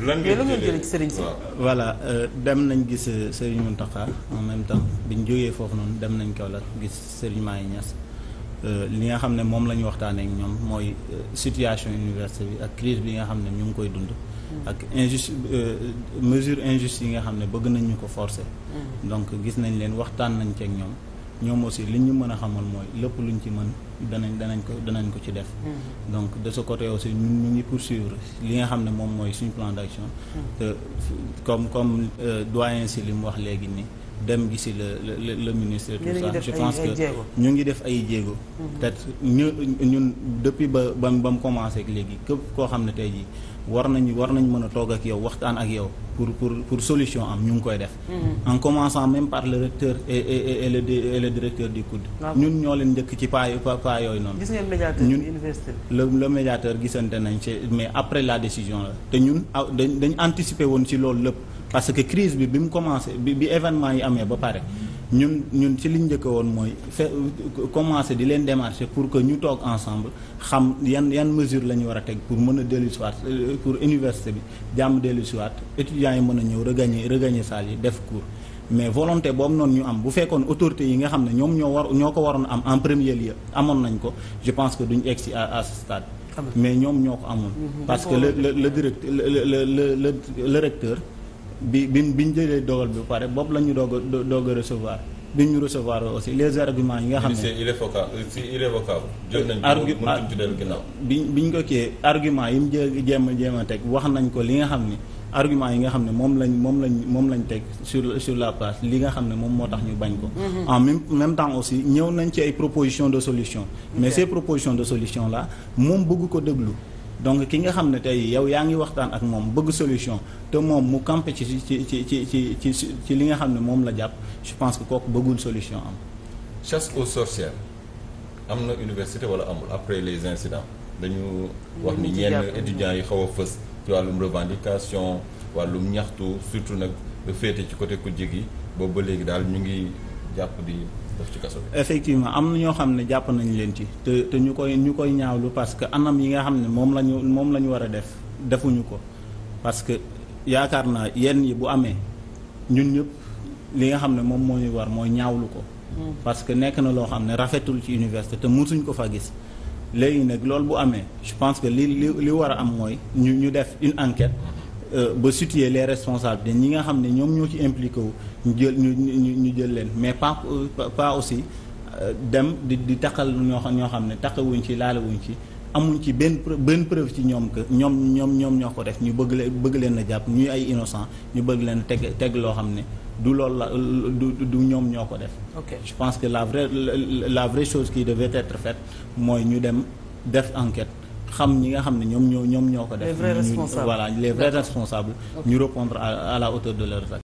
lan ngeen voilà euh, dem nañ gis euh, sëriñ Mountakha en même temps bi ñu jógee foofu noonu dem nañ la gis sëriñ Maye Niass euh, li nga xam ne moom la ñu waxtaanee ñoom mooy situation université bi ak crise bi nga xam ne ñu ngi koy dund. Mm. ak injuste mesure injuste yi nga xam ne bëgg nañ ñu ko forcer. Mm. donc gis nañ leen waxtaan nañ ci ñoom ñoom aussi li ñu mën a xamal mooy lépp ñu ci mën. danañ danañ ko danañ ko ci def. Mm-hmm. donc de ce côté aussi ñun ñu ngi poursuivre li nga xam ne moom mooy suñu plan d' action. Mm-hmm. te comme comme euh, doyen si li mu wax léegi nii. dem gisi le la le ministre tout ça je pense que ñu ngi def ay jéego mm-hmm. peut-être ñu ñun depuis ba ba ba commencé ak léegi képp koo xam ne tey jii war nañu war nañ mën a toog ak yow waxtaan ak yow pour pour pour solution am ñu ngi koy def. Mm-hmm. en commençant même par le recteur et et et le et directeur du COUD. ñun ñoo leen njëkk ci paa paa yooyu noonu. gis ngeen médiateur bi le médiateur gisante nañ ci mais après la décision la te ñun ah, dañ dañ anticiper woon ci loolu lépp parce que crise bi bi mu commencé bi bi événement yi amee ba pare. ñun ñun ci liñ njëkk woon mooy fe commencé di leen démarcher pour que ñu toog ensemble xam yan yan mesure la ñu war a teg pour mën a dellu si euh, pour université bi jàmm dellu si waat étudiants yi mën a ñëw regagner regagner salle yi def cours mais volonté boobu noonu ñu am bu fekkoon autorité yi nga xam ne ñoom ñoo war ñoo ko waroon am en premier lieu amoon nañ ko je pense que duñ egg si à ce mais ñoom ñoo ko amoon mmh. parce que la le le directeur le le le le recteur bi bi bi ñu jëlee dogal bi pare bopp la ñu doog doog a recevoir bi ñu recevoir aussi les arguments yi nga xam ne il est vocal euh, si il est vocal bi bi ñu ko kii argument yi mu jé jéem a jéem a teg wax nañ ko li nga xam ne argument yi nga xam ne moom lañ moom lañ moom lañ teg sur sur la place li nga xam ne moom moo tax ñu bañ ko mm-hmm. en même même temps aussi ñëw nañ ci ay proposition de solution mais ces propositions de solution la moom bëgg ko déglu donc ki nga xam ne tey yow yaa ngi waxtaan ak moom bëgg solution te moom mu campé ci ci ci ci ci ci li nga xam ne moom la jàpp je pense que kooku bëggul solution am. chasse aux sorcières am na université wala amul après les incidents dañu wax ni ñenn étudiants yi xaw fës ci wàllum revendication wàllum ñaxtu surtout nag féete ci côté ku jigi boobu ba léegi daal ñu ngi jàpp di. def effectivement am na ñoo xam ne jàpp nañ leen ci te te ñu koy ñu koy ñaawlu parce que anam yi nga xam ne moom la ñu moom la war a def defuñu ko parce que yaakaar naa yenn yi bu amee ñun ñëpp li nga xam ne moom moo war mooy ñaawlu ko hmm. parce que nekk na loo xam ne rafetul ci université te mësuñ ko fa gis léegi nag loolu bu amee je pense que li li li war a am mooy ñu ñu def une enquête Euh, ba situer les responsables de ñi nga xam ne ñoom ñoo ci impliqué wu ñu jël ñu ñu ñu jël leen mais pas euh, pas aussi euh, dem di di taxal ñoo xam ñoo xam ne taxawuñ ci laalawuñ ci amuñ ci benn benn preuve ci ñoom que ñoom ñoom ñoom ñoo ko def ñu bëgg leen bëgg leen a jàpp ñuy ay innocent ñu bëgg leen teg teg loo xam ne du loolu la du du ñoom ñoo ko def. ok je pense que la vraie la vraie chose qui devait être faite mooy ñu dem def enquête. xam ñi nga xam ne ñoom ñoo ñoom ñoo ko def. les vrais responsables voilà les vrais ñu répondre à la hauteur de leur actes.